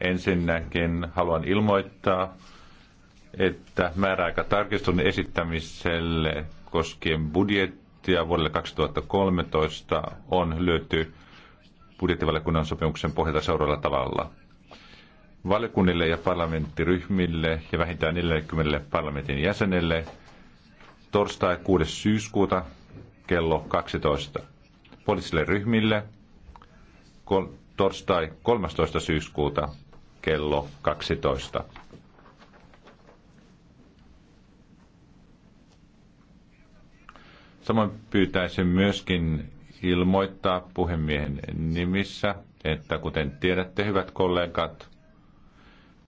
Ensinnäkin haluan ilmoittaa, että määräaika tarkistun esittämiselle koskien budjettia vuodelle 2013 on lyöty budjettivaliokunnan sopimuksen pohjalta seuraavalla tavalla. Valiokunnille ja parlamenttiryhmille ja vähintään 40 parlamentin jäsenelle torstai 6. syyskuuta kello 12. Poliittisille ryhmille torstai 13. syyskuuta kello 12. Samoin pyytäisin myöskin ilmoittaa puhemiehen nimissä, että kuten tiedätte hyvät kollegat,